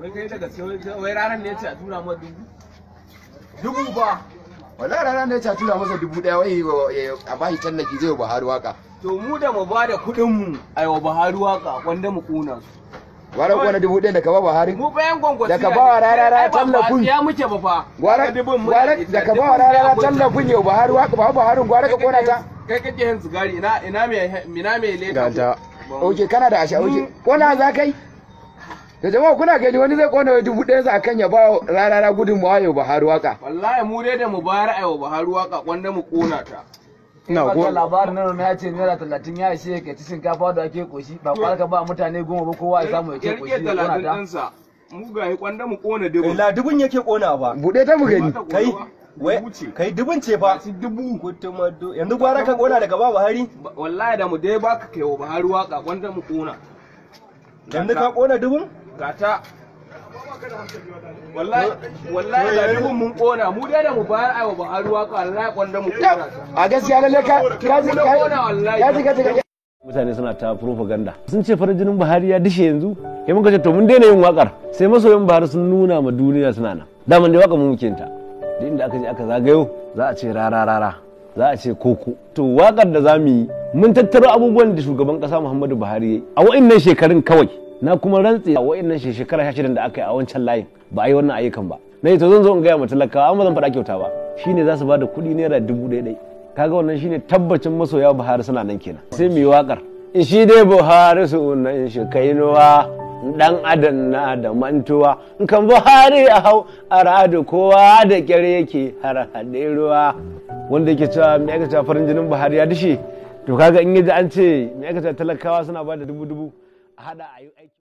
wai kai ranar ne ya tura ce a tura masa dubu daya wai a bashi tallafi zai buhari waka to mu da mu bada kuɗin mu a yau buhari waka wanda mu kuna gwara kwana dubu ɗaya da ka ba buhari mu bayan gwangwasi da ka ba wa rarara tallafin ya muke ba fa gwara da ka ba wa rarara tallafin yau buhari waka ba buhari gwara ka kona ta kai kake yin zigari ina ina me ina me leda oke kana da asha oke kona za kai da jama'a kuna gani wani zai kona dubu ɗaya sa akan ya ba rarara gudun mu ayo Buhari waka wallahi mu dai da mu bayar ayo Buhari waka wanda mu kona ta ina ko labarin nan ya ce naira talatin ya ishe ka ci shinkafa da ake koshi ba kwal ka ba mutane goma ba kowa ya samu ya ke koshi ya kona ta mu ga kwanda mu kona dubu la dubun yake kona ba bude ta mu gani kai wai kai dubun ce ba su dubu kutuma do yanzu gwara ka kona daga ba Buhari wallahi da mu dai baka kai wa Buhari waka kwanda mu kona yanzu ka kona dubun bukata wallahi wallahi da mun kona mu dai da mu bayar wa Buhari waka ya kwanda mu a gaskiya lalle ka ka ji ka ji mutane suna ta propaganda sun ce farin jinin Buhari ya dishe yanzu kai mun ga to mun daina yin wakar sai masoyan Buhari sun nuna ma duniya suna nan daman dai waka mu muke ta da inda aka je aka zagayo za a ce rara rara za a ce koko to wakar da za mu yi mun tattaro abubuwan da shugaban kasa Muhammadu Buhari ya yi a wa'annan shekarun kawai na kuma rantse a wa'annan shekara sha da aka yi a wancan layin ba a yi wannan ayyukan ba na yi to zan zo in gaya ma talakawa amma zan faɗa kyauta ba shine za su ba da kuɗi naira dubu ɗaya ɗaya kaga wannan shine tabbacin masoya buhari suna nan kenan sai mu yi waƙar in shi dai buhari su na in shi dan adam na da mantuwa in kan buhari a hau a kowa da kyar yake har haɗe ruwa wanda yake cewa mai aikata farin jinin buhari ya dishe to kaga in da an ce mai aikata talakawa suna ba da dubu dubu a haɗa a yi aiki